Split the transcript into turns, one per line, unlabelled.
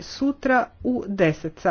sutra u 10 sati.